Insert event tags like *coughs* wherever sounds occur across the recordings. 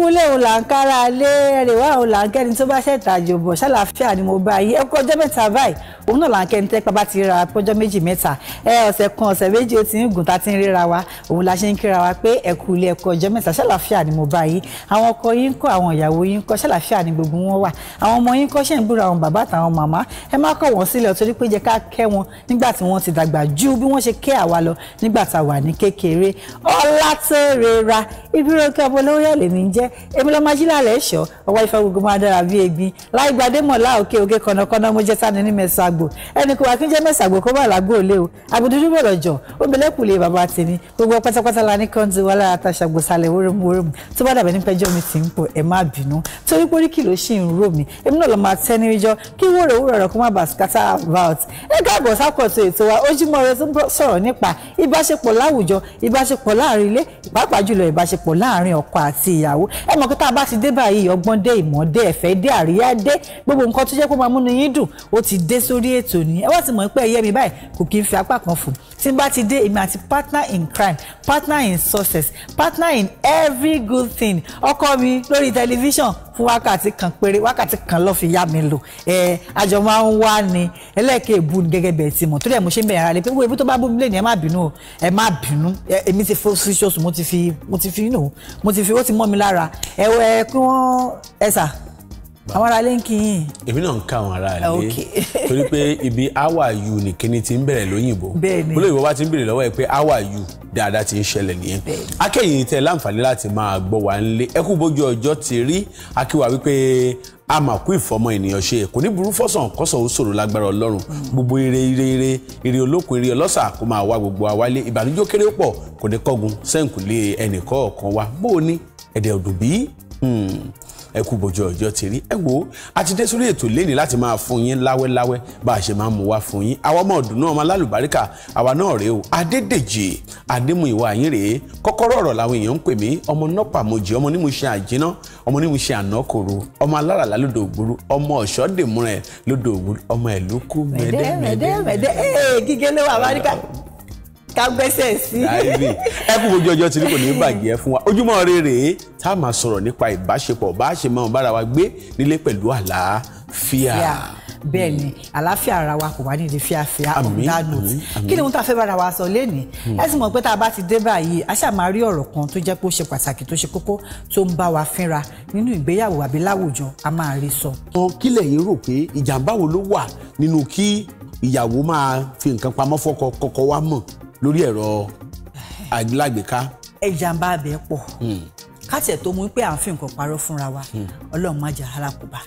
kúlé òun là ń kára lé ẹrẹ̀wá òun là ń kẹ́ni tó bá ṣẹ̀tà àjòbọ̀ ṣàlàáfíà ni mo bá yí ẹ kú ọjọ́ mẹ́ta báyìí òun náà là ń kẹ́ni tẹ́pá bá ti ra pọ́jọ́ méjì mẹ́ta ẹ ọ̀sẹ̀ kan ọ̀sẹ̀ méjì ó ti ń gùn tá ti ń ríra wa òun la ṣe ń kíra wa pé ẹ kú ilé ẹ ọjọ́ mẹ́ta ṣàlàáfíà ni mo bá yí àwọn ọkọ yín kọ́ àwọn ìyàwó yín kọ́ ṣàlàáfíà ni gbogbo wọn wà àwọn ọmọ yín kọ́ ṣe ń búra àwọn bàbá àtàwọn màmá ẹ má kọ̀ wọ́n sílẹ̀ torí pé jẹ́ ká kẹ́ wọn nígbà tí wọ́n ti dàgbà ju bí wọ́n ṣe kẹ́ àwa lọ nígbà tá a wà ní kékeré ọlátẹ́rẹ́ra ibi rẹ̀ kí ọmọ olówó yẹn lèmi jẹ́ èmi lọ́mọ ajílẹ̀ àlẹ́ ṣọ́ ọwọ́ ifá gbogbo máa dára bíi egbin láì gbadé mọ̀lá òkè òkè kọ̀nàkọ̀nà mo jẹ́ sáni ní mẹ́sàgbò ẹnì kò wá kí n jẹ́ mẹ́sàgbò kó bá làgbó òlé o àbùdúdú bọ̀rọ̀ jọ obìnrin lè bàbá tèmi gbogbo pátápátá la ní kọ́ńtì wàhálà àtàṣàgbò sálẹ̀ wóremúwóremù tó bá dàbẹ̀ nípẹ́jọ́ mi ti ń pò ẹ̀ má bínú torí pé oríkì ló ṣì ń rò mí èmi náà lọ máa tẹ́ ní kí wúrò wúrò rẹ̀ kó má bàa scatter about ẹ káàbọ̀ sápọ̀tò ètò wa Ojúmọ́ Ire tó ń sọ̀rọ̀ nípa ìbáṣepọ̀ láwùjọ ìbáṣepọ̀ láàrin ilé pàápàá jùlọ ìbáṣepọ̀ láàrin ọkọ àti ìyàwó ẹ mọ̀ pé tá a bá ti dé báyìí ọgbọ́n dé ìmọ̀ dé ẹ̀fẹ́ dé àríyá dé gbogbo nǹkan tó jẹ́ kó máa múnú yín dùn ó ti dé sórí ètò ní ẹ wá ti mọ̀ pé ẹyẹ mi báyìí kò kí ń fi apá kan fò tí n bá ti dé èmi àti partner in crime partner in success partner in every good thing ọkọ mi lórí tẹlifíṣàn fún wákàtí kan péré wákàtí kan ló fi yá mi lò ẹ àjọ máa ń wá ni ẹlẹ́ẹ̀kẹ́ èbú ni gẹ́gẹ́ bẹ̀ẹ́ ti mọ̀ tó dẹ̀ mo ṣe ń bẹ̀rẹ̀ ara rẹ pé wo ebi tó bá bú mi lé ní ẹ má bínú ẹ má bínú èmi ti fọ́ sí ṣọ́ọ̀ṣù mo ti fi mo ti fi mo ti fi ó ti mọ́ mi lára ẹ wọ kí wọ́n ẹ sà àwọn aráalé ń kíyìn. èmi náà ń ká àwọn aráalé *laughs* torí pé ibi awa yu ni nìkíní ti ń bẹ̀rẹ̀ lóyìnbó bẹ́ẹ̀ni olóyìnbó bá ti ń bèrè lọ́wọ́ ẹ pé how are you dáadáa ti ń ṣẹlẹ̀ nìyẹn akẹ́yìn tẹ láǹfààní láti máa gbọ́ wá nílé ẹ kú bójú ọjọ́ ti rí akíwà wípé a ìfọmọ ènìyàn ṣe kò ní burú fọ́sàn kọ́sàn ó ṣòro lágbára ọlọ́run mm. gbogbo ire ire ire ire olókun ire ọlọ́sà kó máa wá gbogbo wa wálé ìbànújẹ́ kéré pọ̀ kò ní kọ́gun sẹ́ǹkùlé ẹnìkọ̀ọ̀kan wa bó o ní ẹ̀dẹ̀ ọ̀dùn bíi Hmm. ẹ kú bójú ọjọ́ ti rí ẹ wo a ti dé sórí ètò lẹ́ni láti máa fún yín láwẹ́láwẹ́ bá a ṣe máa mú wá fún yín àwa ọmọ ọ̀dùn náà ọmọ alálùbáríkà àwa náà rèé o adédèjì adémúìwá yín rèé kọ́kọ́rọ́ ọ̀rọ̀ làwọn èèyàn ń pè mí ọmọ nọ́pà mojì ọmọ nímú ṣe àjínà ọmọ nímú ṣe ànákòrò ọmọ aláràlá lódò ògbúrú ọmọ ọ̀ṣọ́dèmúrẹ̀ lódò ògbúrú ọmọ ẹ̀lú kú mẹ́dẹ́mẹ́dẹ́ ká gbẹ́sẹ̀ sí. ẹ kú ojú ọjọ́ tí kò ní bàjẹ́ fún wa ojúmọ́ rere tá a máa sọ̀rọ̀ nípa ìbáṣepọ̀ bá a ṣe máa bára wa gbé nílé pẹ̀lú àlàáfíà. bẹ́ẹ̀ ni àlàáfíà ara wa kò wá ní ìdí fíafíà ọ̀dánù kí ni ohun tá a fẹ́ bára wa sọ lẹ́nìí hmm. ẹ sì mọ̀ pé tá a bá ti dé báyìí a ṣáà máa rí ọ̀rọ̀ kan tó jẹ́ pé ó ṣe pàtàkì tó ṣe kókó tó ń bá wa fínra nínú ìgbéyàwó àbí láwùjọ a máa rí sọ. kí lẹ̀yin rò pé ìjàmbá wo ló wà nínú kí ìyàwó máa fi nǹkan pamọ́ fọ́kọ kọ́kọ́ wa mọ̀ lórí ẹ̀rọ alágbèéká. ẹ jàǹbá abẹ pọ̀ hmm. káàtì ẹ̀ tó mú pé à ń fi nǹkan parọ́ fúnra wa hmm. ọlọ́run má jẹ́ alákòóbá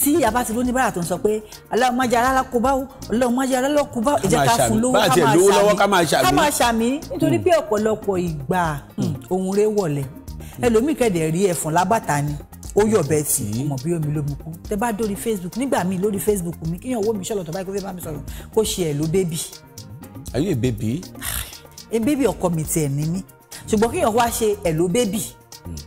tí a bá ti ló níbàrà tó ń sọ pé ọlọ́run má jẹ́ alákòóbá o ọlọ́run má jẹ́ alákòóbá o ẹ jẹ́ ká fún lówó ká máa ṣàmì ká máa ṣàmì nítorí hmm. pé ọ̀pọ̀lọpọ̀ ìgbà ohun rẹ̀ wọ̀lẹ̀ ẹlòmíì kẹ̀dẹ̀ rí ẹ̀fọn lábàtà ni ó yọ̀ bẹ́ẹ̀ tí ọmọ bí omi ló kú tẹ bá dórí Facebook nígbà míì lórí Facebook mi kíyàn owó mi ṣọlọ tó bá yẹ kó fẹ́ bá mi sọ̀rọ̀ kó ṣe ẹ̀ ló bébì are you a baby. a baby ọkọ mi tiẹ̀ ní mí ṣùgbọ́n kéèyàn wá ṣe hello baby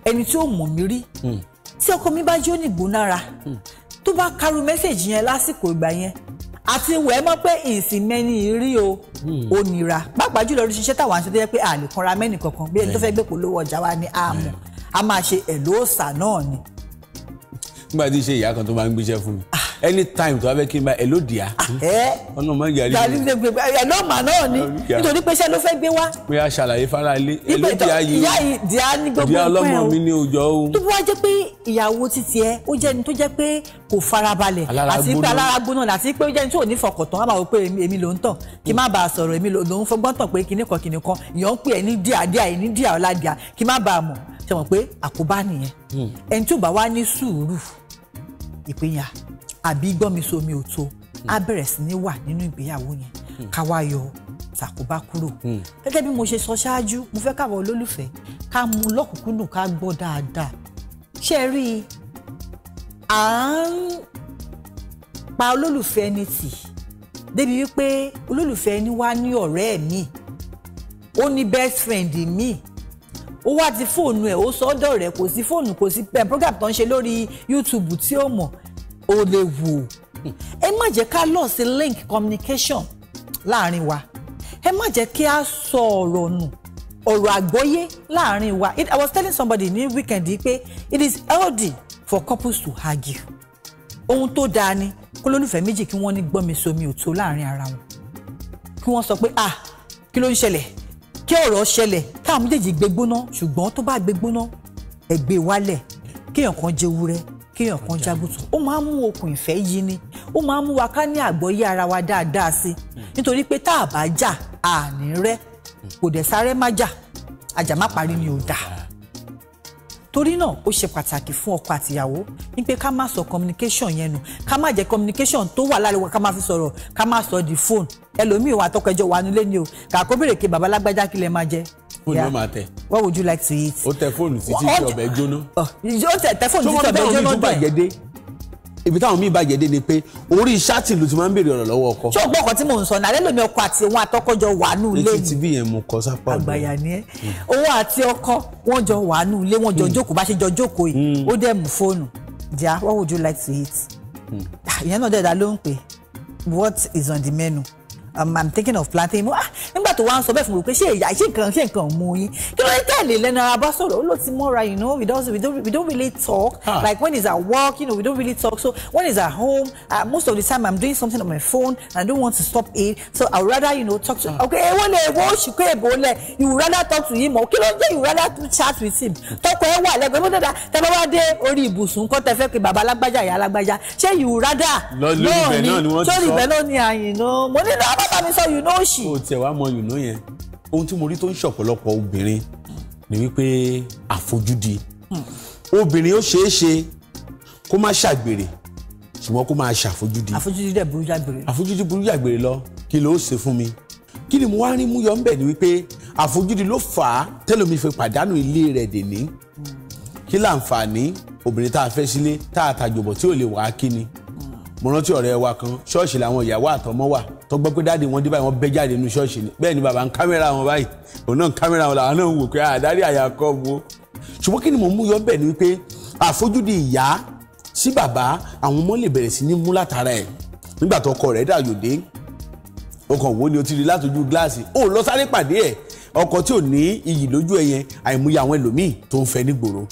ẹni tí ó mọ̀ mí rí hmm. tí ọkọ mi bá jó ní ìgbónára hmm. tó bá karu mẹ́sẹ̀gì yẹn lásìkò ìgbà yẹn àti wẹ̀ mọ́ pé ìsìnmẹ́ni rí o hmm. ó nira pàápàá jùlọ orí ṣiṣẹ́ táwọn aṣọ tó yẹ pé àlè kanra mẹ́nì kankan bí ẹni tó fẹ́ gbé polówó ọjà wa ni àmọ́ a máa ṣe ẹ̀lóòsà náà ni. nígbà tí ṣe ìyá kan tó máa ń gbéṣẹ́ fún mi anytime tó bá fẹ́ kí n bá ah, ẹ hmm? ọ̀nà máa ń yàrá ìlú. ẹ náà mà náà ni nítorí pé iṣẹ́ ló fẹ́ gbé wá. pé a ṣàlàyé fara ilé ẹ ló dìá yìí. ìyá yìí dìá ní gbogbo ìpín o. dìá ọlọ́mọ mi ní òjò o. tó bá wá jẹ́ pé ìyàwó títí ẹ ó jẹ́ ẹni tó jẹ́ pé kò farabalẹ̀ àti pé alára gbóná àti pé ó jẹ́ ẹni tó ní fọkàntán á máa wò pé èmi ló ń tàn kí má bàa sọ̀rọ̀ èmi ló ń fọgbọ́n tàn pé kinní kan kinní kan ìyàn ń pè ẹ ní díà díà ẹ ní díà ọ̀la díà kí má bàa mọ̀ ṣe mọ̀ pé àkóbá nìyẹn hmm. ẹni tó bá wá ní sùúrù ìpínyà àbí gbọ́nmisomi ò tó á hmm. bẹ̀rẹ̀ sí ní wà nínú ìgbéyàwó yẹn hmm. ká wá yọ ṣàkóbá kúrò hmm. gẹ́gẹ́ bí mo ṣe sọ ṣáájú mo fẹ́ káwọn olólùfẹ́ ká mú lọ́kùnkúndùn ká gbọ́ dáadáa ṣe rí i à ń pa olólùfẹ́ ẹni tì débi wípé olólùfẹ́ ẹni wá ní ọ̀rẹ́ mi ó ní best friend mi ó wá ti fóònù ẹ̀ ó sọ́dọ̀ rẹ̀ kò sí fóònù kò sí program tó ń ṣe lórí YouTube tí ó mọ̀ ó léwu ẹ má jẹ́ ká lọ sí link communication láàrin wa ẹ má jẹ́ kí a sọ ọ̀rọ̀ nù ọ̀rọ̀ àgbọ́yé láàrin wa I was telling somebody ní weekend yìí pé it is healthy for couples to argue ohun tó dáa ni kó lónífẹ̀ẹ́ méjì kí wọ́n ní gbọ́nmi-somi ò láàrin ara wọn kí wọ́n sọ pé ah kí ló ń ṣẹlẹ̀ kí ọ̀rọ̀ ṣẹlẹ̀ káà méjèèjì gbégbóná ṣùgbọ́n tó bá gbégbóná ẹ̀gbẹ́ e wálẹ̀ kéèyàn kan jẹ́ wúrẹ́ kéèyàn kan jágùtù ó máa ń mú okùn ìfẹ́ yí ni ó máa ń mú wa ká ní àgbọ́yé ara wa dáadáa sí nítorí pé tá a bá jà àní rẹ́ kò dẹ̀ sáré má jà àjà parí ni ò dáa torí náà ó ṣe pàtàkì fún ọkọ àtìyàwó ní pé ká má sọ communication yẹn nù ká má jẹ́ communication tó wà láàrin wa ká má fi sọ̀rọ̀ ká má sọ di phone ẹlòmíì wà tọkọjọ wà nílé ni o kàkó bèrè kí baba lágbájá kí lẹ máa jẹ fóònù ló máa tẹ. what would you like to eat. O tẹ fóònù sí títí ọbẹ̀ jóná. ó tẹ fóònù títí ọbẹ̀ jóná dẹ̀. sọ́wọ́n bẹ́ẹ̀ omi ìtúbà jẹ́ dé ibi táwọn míì bàjẹ́ dé ni pé orí ṣáàtì ló ti máa ń béèrè ọ̀rọ̀ lọ́wọ́ ọkọ. ṣé o gbọ́ ọkọ tí mò ń sọ náà alẹ́ lómi ọkọ àti òun àtọkọjọ wà nù ilé mi. etí bí yẹn mo kọ sápá òun. àgbàyà ni ẹ hmm. òun àti ọkọ wọn jọ wà nù ilé wọn jọ hmm. jókòó bá ṣe jọ jókòó yìí hmm. ó dẹ̀ mú fóònù jà what would you like to eat. Ah, ìyẹn náà dẹ̀ dá ló ń pè what is on the menu um, I'm thinking of planting mo ah tó wá ń sọ bẹ́ẹ̀ fún mi pé ṣé ìyá ṣé nǹkan ṣé nǹkan mú yín kí ló dé tẹ̀lé lẹ́nu ara bá sọ̀rọ̀ ó ló ti mọ́ra you know we don't we don't we don't really talk huh. Ah. like when he's at work you know we don't really talk so when he's at home uh, most of the time I'm doing something on my phone and I don't want to stop it so I would rather you know talk to huh. Ah. okay ewo le ewo oṣù kó èbó lẹ you would rather talk to him or kí ló dé you would rather chat with him tọkọ ẹ wà lẹ́gbẹ̀ẹ́ mo dada tẹ bá wá dé orí ibùsùn kọ́ tẹ fẹ́ pé baba alágbájá ìyá alágbájá ṣé you would rather náà ni sórí ibẹ̀ náà ni àyìn náà mo ní náà you know she. o tẹ wá mọ you ìdùnnú yẹn ohun tí mo rí tó ń ṣọ̀pọ̀lọpọ̀ obìnrin ni wípé àfojúdi obìnrin ó ṣeé ṣe kó má ṣàgbèrè ṣùgbọ́n kó máa ṣàfojúdi àfojúdi dẹ̀ burú jàgbèrè àfojúdi burú jàgbèrè lọ kí ló ṣe fún mi kí ni mo wá rí mú yọ ńbẹ ni wípé àfojúdi ló fà á tẹ́lómi fi pàdánù ilé rẹ̀ dèní kí láǹfààní obìnrin tá a fẹ́ sílé tá a tàjọ̀bọ̀ tí ò lè wá kí ni mo rántí ọ̀rẹ́ wa kan ṣọ́ọ̀ṣì làwọn ìyàwó àtọmọ wà tó gbọ́ pé dáàdi wọn dé báyìí wọ́n bẹ́ jáde nínú ṣọ́ọ̀ṣì ni bẹ́ẹ̀ ni bàbá ń kámẹ́rà wọn báyìí òun náà ń kámẹ́rà wọn làwọn náà ń wò pé àdárí àyà kọ́ wo ṣùgbọ́n kí ni mò ń mú yọ bẹ́ẹ̀ ni wípé àfojúdi ìyá sí bàbá àwọn ọmọ lè bẹ̀rẹ̀ sí ní mú látara ẹ̀ nígbà tó ọkọ rẹ̀ dàyòdé ọkàn wo ni o ti rí látọjú gíláàsì ó lọ sáré pàdé ẹ̀ ọkọ tí ò ní iyì lójú ẹ̀ yẹn àìmúyẹ àwọn ẹlòmíì tó ń fẹ́ nígboro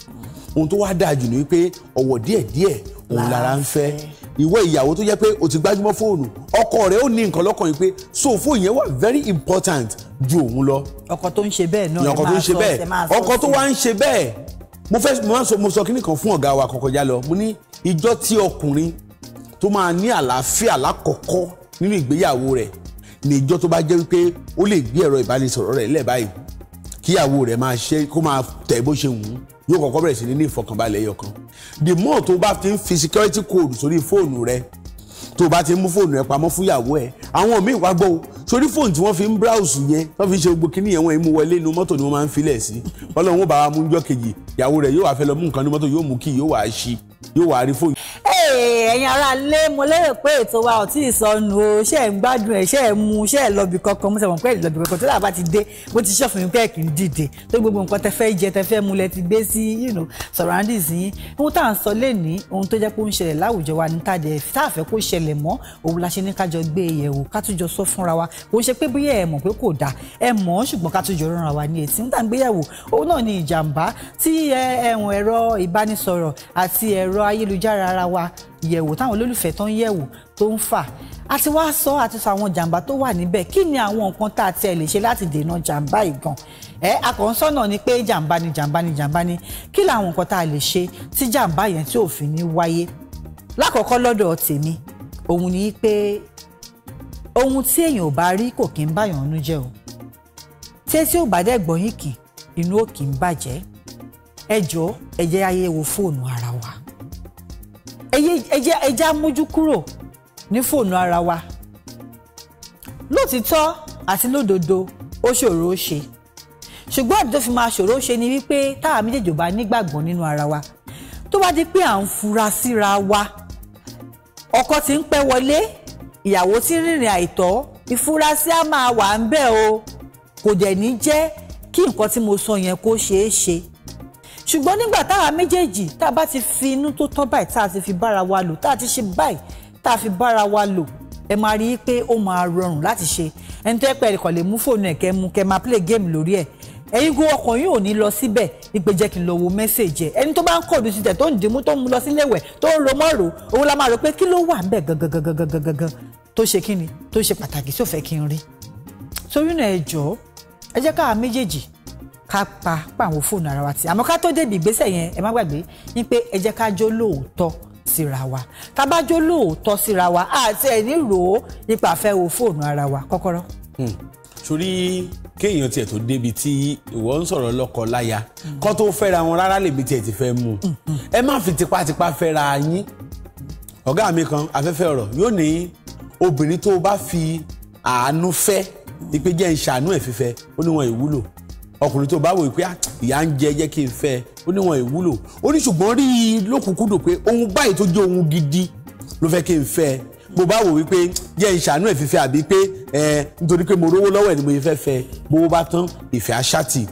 ohun tó wá dáa jù ni wípé ọ̀wọ̀ díẹ̀díẹ̀ òun lára ń fẹ́ ìwọ ìyàwó tó jẹ́ pé o ti gbájúmọ́ fóònù ọkọ rẹ̀ ó ní nǹkan lọ́kàn yìí pé so fóònù yẹn wà very important ju òun lọ. ọkọ tó ń ṣe bẹ́ẹ̀ náà ẹ máa sọ ẹ máa sọ ọkọ tó wá ń ṣe bẹ́ẹ̀ mo fẹ́ mo sọ mo sọ kíní kan fún ọ̀gá wa kọ̀kọ̀ já lọ mo ní ìjọ tí ọkùnrin tó máa ní àlàáfíà lákọ̀ọ́kọ́ nínú ìgbéyàwó rẹ̀ ní ìjọ tó bá jẹ́ wípé ó lè gbé ẹ̀rọ ìbánisọ̀rọ̀ rẹ̀ lẹ̀ báyìí kíyàwó rẹ̀ máa ṣe kó máa tẹ̀ bó ṣe wù ú yóò kọ́kọ́ bẹ̀rẹ̀ sí ní ní ìfọkànbalẹ̀ ẹyọ kan the more tó bá ti ń fi security code sórí fóònù rẹ tó bá ti ń mú fóònù rẹ pamọ́ fún ìyàwó ẹ àwọn míì wá gbọ́ o sórí fóònù tí wọ́n fi ń browse yẹn wọ́n fi ṣe gbogbo kíní yẹn wọ́n mú wọlé inú mọ́tò ni wọ́n máa ń filẹ̀ sí ọlọ́run ó bá wa mú jọ́ kejì ìyàwó rẹ̀ yóò wá fẹ́ lọ mú nǹkan ní mọ́tò yóò mú kí yóò wá ṣí yóò wá rí fóònù ẹ̀yin ará lé mo lérò pé ètò wa ò tí ì sọnù o ṣé ẹ̀ ń gbádùn ẹ̀ ṣé ẹ̀ mu ṣé ẹ̀ lọ́bì kankan mo sọ̀rọ̀ pé ẹ̀ lọ́bì kankan tó dàbà ti dé bó ti ṣọ́ọ̀fù mi pé ẹ̀ kì í dìde tó gbogbo nǹkan tẹ fẹ́ jẹ tẹ fẹ́ mu lẹ ti gbé sí surroundings yín ohun tá à ń sọ lẹ́ni ohun tó jẹ́ pé ó ń ṣẹlẹ̀ láwùjọ wa ní tàdé tá a fẹ́ kó ṣẹlẹ̀ mọ́ òun la ṣe ní kájọ gbé e yẹ̀wò kátújọ sọ fúnra wa kò ń ṣe pé bóyá ẹ mọ̀ pé kò dáa ẹ mọ̀ ṣùgbọ́n kátújọ rọra wa ní etí nígbà gbéyàwó òun náà ni ìjàmbá tí ẹ̀wọ̀n ẹ̀rọ ìbánisọ̀rọ̀ àti ẹ̀rọ ayélujára ara wa yẹ̀wò táwọn olólùfẹ́ tó ń yẹ̀wò tó ń fà a ti wá sọ àti sọ àwọn jàǹbá tó wà níbẹ̀ kí ni àwọn nǹkan tá a tiẹ̀ lè ṣe láti dènà jàǹbá yìí gan ẹ àkànṣọ́nà ni pé jàǹbá ni jàǹbá ni jàǹbá ni kí làwọn nǹkan tá a lè ṣe tí jàǹbá yẹn tí ò fi ní wáyé lákọ̀ọ́kọ́ lọ́dọ̀ tèmi òun ni pé ohun tí èèyàn ò bá rí kò kí ń báyàn nú jẹ́ o tí etí ò bá dẹ̀ gbọ́yìn kì inú ò kì ń bàjẹ́ ẹ jọ̀ọ́ ẹ jẹ́ ayé wo fóònù ara ẹjẹ́ amójú kúrò ní fóònù ara wa lótìtọ́ àti lódodo ó ṣòro ó ṣe ṣùgbọ́n àdìdó fi máa ṣòro ṣe ni wípé táwa méjèèjì ò bá nígbàgbọ́ nínú ara wa tó bá di pé à ń fura síra wa ọkọ tí ń pẹ́ wọlé ìyàwó tí ń rìnrìn àìtọ́ ìfurasí á máa wà ń bẹ̀ o kò dẹ̀ ní jẹ́ kí nǹkan tí mo sọ yẹn kó ṣeé ṣe ṣùgbọ́n nígbà táwa méjèèjì tá a bá ti fi inú tó tán báyìí tá a ti fi bára wa lò tá a ti ṣe báyìí tá a fi bára wa lò ẹ máa rí i pé ó máa rọrùn láti ṣe ẹni tó yẹ pé ẹ̀kọ́ lè mú fóònù ẹ̀ kẹ́ mu kẹ́ máa play game lórí ẹ̀ ẹ̀yin gbọ́ ọkàn yóò ní lọ síbẹ̀ ìpè jẹ́ kí n lọ wo mẹ́sẹ̀jì ẹ̀ ẹni tó bá ń kọ̀dù sí tẹ̀ tó ń dìímú tó ń lọ síléèwẹ̀ tó ń ro mọ́rò òun la máa rò pé kí ló wà ń bẹ̀ gangan tó ṣe kí ni tó ṣe pàtàkì tó kí n rí torí náà ẹ jọ̀ọ́ ẹ jẹ́ káà méjèèjì ká pa pàwọn fóònù ara wa tì àmọ́ ká tó débi ìgbésẹ̀ yẹn ẹ má gbàgbé ní pé ẹ jẹ́ ká jó lóòótọ́ síra wa tá a bá jó lóòótọ́ síra wa àti ẹ̀ ní rò ó nípa àfẹ́ wo fóònù ara wa kọ́kọ́rọ́. Hmm. sórí kéèyàn tiẹ̀ tó débi tí ìwọ ń sọ̀rọ̀ lọ́kọ láya kó tó fẹ́ra wọn rárá lèbi tiẹ̀ ti fẹ́ mú ẹ má fi tipátipá fẹ́ra yín ọ̀gá mi kan afẹ́fẹ́ ọ̀rọ̀ yóò ní obìnrin tó bá fi àánú fẹ́ ìpè jẹ́ ń ó ní wọn ìwúlò ọkùnrin tó bá wò pé ah, ìyá ń jẹ jẹ́ kí n fẹ́ ó níwọ̀n ìwúlò ó ní ṣùgbọ́n rí i lókùnkúndùn pé ohun báyìí tó jẹ́ ohun gidi ló fẹ́ kí n fẹ́ bó bá wò wípé jẹ́ ìṣàánú ẹ̀ fífẹ́ àbí pé ẹ nítorí pé mo rówó lọ́wọ́ ẹ̀ ni mo fẹ́ fẹ́ bó bá tán ìfẹ́ aṣáàtì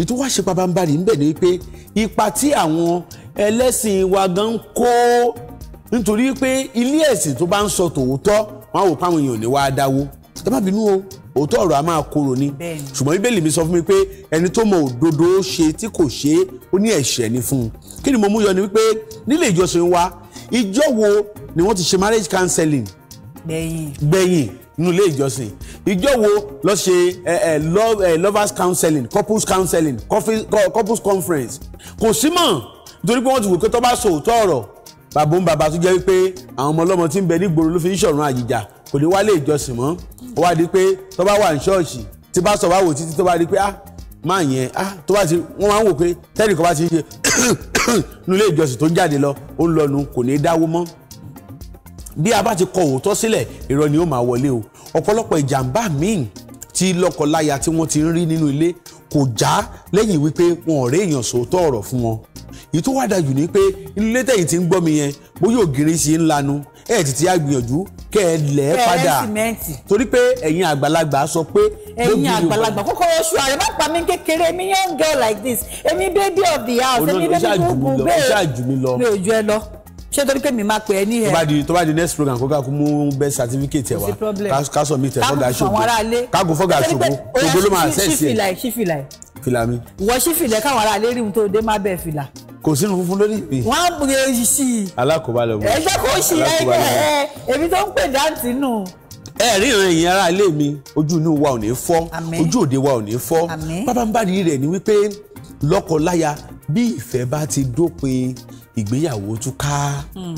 ètò wá ṣe pabambarì ńbẹ̀ ni wípé ipa tí àwọn ẹlẹ́sìn wa gan ń kó nítorí pé ilé ẹ̀sìn tó bá ń sọ tòótọ́ wọn á wò òótọ́ ọ̀rọ̀ a máa korò ni ṣùgbọ́n bíbélì mi sọ fún mi pé ẹni tó mọ òdodo ṣe tí kò ṣe é ó ní ẹ̀ṣẹ̀ ni fún un kí ni mo mú yọ ni wípé nílé ìjọsìn wa ìjọ wo ni wọ́n ti ṣe marriage counseling gbẹ̀yìn gbẹ̀yìn nínú ilé ìjọsìn ìjọ wo lọ ṣe lovers counseling couples counseling couples conference kò sí mọ́ nítorí pé wọ́n ti wò pé tó bá sọ òótọ́ ọ̀rọ̀ bàbá ń bàbá tó jẹ́ wípé àwọn ọmọ ọlọ́mọ tí ń bẹ nígboro ló fi ń ṣọ̀run àjìjà kò ní wálé ìjọsìn mọ́ ó wá di pé tó bá wà ní ṣọ́ọ̀ṣì tí pásítọ̀ bá wò títí tó bá di pé ah máa yẹn ah tó bá ti wọ́n máa ń wò pé tẹ́nìkan bá ti ń ṣe *coughs* nílé ìjọsìn tó jáde lọ ó ń lọnu kò ní í dáwó mọ́ bí a bá ti kọ òótọ́ sílẹ̀ irọ́ ni ó máa wọlé o ọ̀pọ̀lọpọ̀ ìjàmbá míì tí lọ́kọláya tí wọ́n ti ń rí nínú ilé kò já lẹ́yìn wípé wọn ò rí èèyàn sòótọ́ ọ̀rọ̀ fún wọn èyí tó wá dájú ni pé ilé tẹ̀yìn ti ń gbọ́ mi yẹn bóyá ògiri sì ń lanu ẹ̀ ti á gbìyànjú kẹ́ ẹ lẹ̀ ẹ́ padà torí pé ẹ̀yin àgbàlagbà sọ pé. ẹ̀yin àgbàlagbà kókóró oṣù ààrẹ má pa mí kékeré mi young girl like this èmi baby of the house èmi baby gbogbo bẹ́ẹ̀ mi ò jẹ́ lọ ṣé torí pé mi máa pè é ní ẹ. tó bá di tó bá di next program kó ká kó mú best certificate ẹ wá ká sọ mi tẹ fọgà ṣògo ká kó fọgà ṣògo gbogbo ló máa ṣẹ́ẹ̀sì ẹ. ṣífìlà ṣífìlà ẹ. fìlà mi. ìwọ ṣífìlà káwọn ará ilé rí ohun tó dé má bẹ́ẹ̀ fìlà kò sínú funfun lórí ìpè. wọ́n á bèrè èyí sí i. alákòóbalẹ̀ wò. ẹgbẹ́ kò sí ẹgbẹ́ ẹ èmi tó ń pè dáǹtì nù. ẹ rí ìran ẹ̀yìn ara ilé mi ojú inú wa ò ní fọ́ ojú òde wa ò ní fọ́ pápánbárì rẹ̀ ni wípé lọ́kọ-láya bí ìfẹ́ bá ti dópin ìgbéyàwó túká hmm.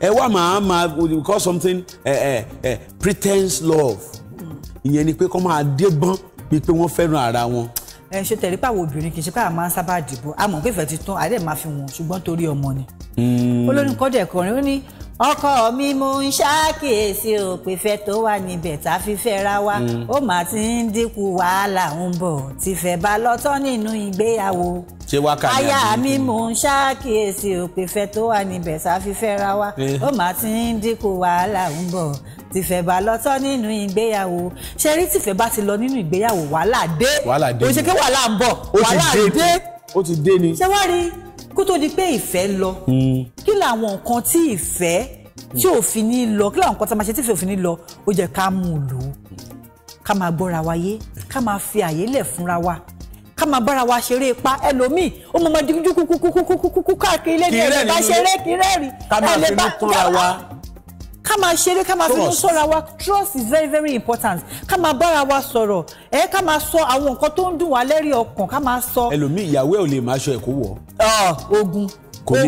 ẹ wá màá máa we call something eh, eh, eh, pretense love hmm. ìyẹn ni pé kọ́ máa dé bọ́n bíi pé wọ́n fẹ́ràn ara wọn ẹ ṣe tẹ̀lé pàwọ̀ obìnrin kì í ṣe pé àwọn máa ń sábà dìbò àmọ́ pé ìfẹ́ ti tán àdé máa fi wọ̀n ṣùgbọ́n torí ọmọ ni. Hmm. olórin kọ́dẹ̀ kọrin ó ní ọkọ mi mo ń ṣàkíyèsí òpèfẹ́ tó wà níbẹ̀ tá a fi fẹ́ ra wa hmm. ó mà ti ń dínkù wàhálà ń bọ̀ tìfẹ́ bá lọ́tọ̀ nínú ìgbéyàwó ṣé wákà ní àdúgbò aya mi mò ń ṣàkíyèsí òpèfẹ́ tó wà níbẹ̀ tá a fi fẹ́ ra wa eh. ó mà ti ń dínkù wàhálà ń bọ̀ tìfẹ́ bá lọ́tọ̀ nínú ìgbéyàwó ṣe rí tìfẹ́ bá ti lọ nínú ìgbéyàwó wàhálà dé wàhálà dé òṣèké wàhálà ń bọ̀ wàhálà dé ó ti dé ni. ṣé wàá rí kó tó di pé ìfẹ́ lọ hmm. kí làwọn nǹkan tí ìfẹ́ tí òfin ní lọ kí làwọn nǹkan tí a máa ṣe tí ìfẹ́ òfin ní lọ ó jẹ́ ká mú un lò ó ká máa gbọ́ra wa yé ká máa fi àyè lẹ̀ fúnra wa ká máa bára wa ṣeré ipá ẹlòmíì ó mọ ọmọ dídú kúkúkúkúkúkú káàkiri lẹ́nu ẹ̀ bá ṣeré kiri ẹ̀rí ká máa finú kúnra wa máa ṣeré ká máa finú sọ́ra wa trust is very very important ká máa bára wa sọ̀rọ̀ ẹ ká máa sọ àwọn nǹkan tó ń dùn wá lẹ́rìí ọkàn ká máa sọ. ẹlòmíì ìyàwó ẹ ò lè máa ṣọ ẹ kó wọ. ogun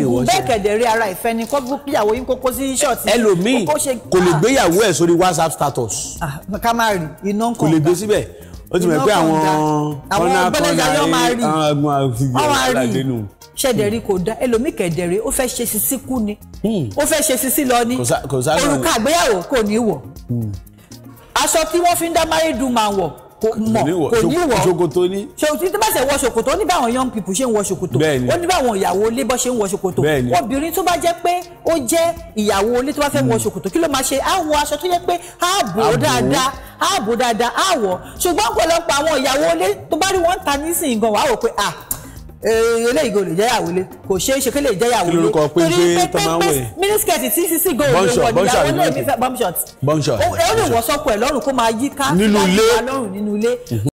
ogun bẹ́ẹ̀ kẹ̀dẹ̀ rí ara ìfẹ́ ni kọ́ bíyàwó yín kókó sí ṣọ́ọ̀tì. ẹlòmíì kò lè gbéyàwó ẹ sórí WhatsApp status. ká má rí iná kan kò lè gbé síbẹ̀ ó ti mọ̀ pé àwọn ọ̀nà kan náà rí àwọn agbọ̀n àfihàn aládénú ṣẹ̀dẹ̀rí hmm. kò dá ẹlòmíì kẹ̀dẹ̀rẹ́ ó fẹ́ ṣe sisi kú ni hmm. ó fẹ́ ṣe sisi lọ ni òrùka àgbéyàwó kò ní wọ̀ hmm. aṣọ tí wọ́n fi ń dá márídùn máa wọ̀ kò mọ̀ kò ní wọ̀ ṣòkòtò ní. ṣòkòtò tí bá wọ ṣòkòtò ó ní báwọn young people ṣe ń wọ ṣòkòtò ó ní báwọn ìyàwó ilé bọ́ ṣe ń wọ ṣòkòtò obìnrin tó bá jẹ́ pé ó jẹ́ ìyàwó ilé tó bá fẹ́ wọ ṣòkòtò kí ló máa ṣe á wọ aṣọ tó yẹ pé á bò dáadáa á bò dáadáa á wọ̀ ṣùgbọ́n ọ̀pọ̀lọpọ̀ àwọn ìyàwó ilé tó bá rí wọn ta nísìnyí gan wàá wò pé ah Eh, eléyìí gò lè jẹ́ ìyàwó lé kò ṣeé ṣe kí lè jẹ́ ìyàwó lé torí pépé mínísíkẹ̀tì tí sísí gò lè wọ̀ níyàwó lè ní bọ́mṣọ̀t ó lè wọ̀ sọ́kù ẹ̀ lọ́rùn kó máa yí ká nínú ilé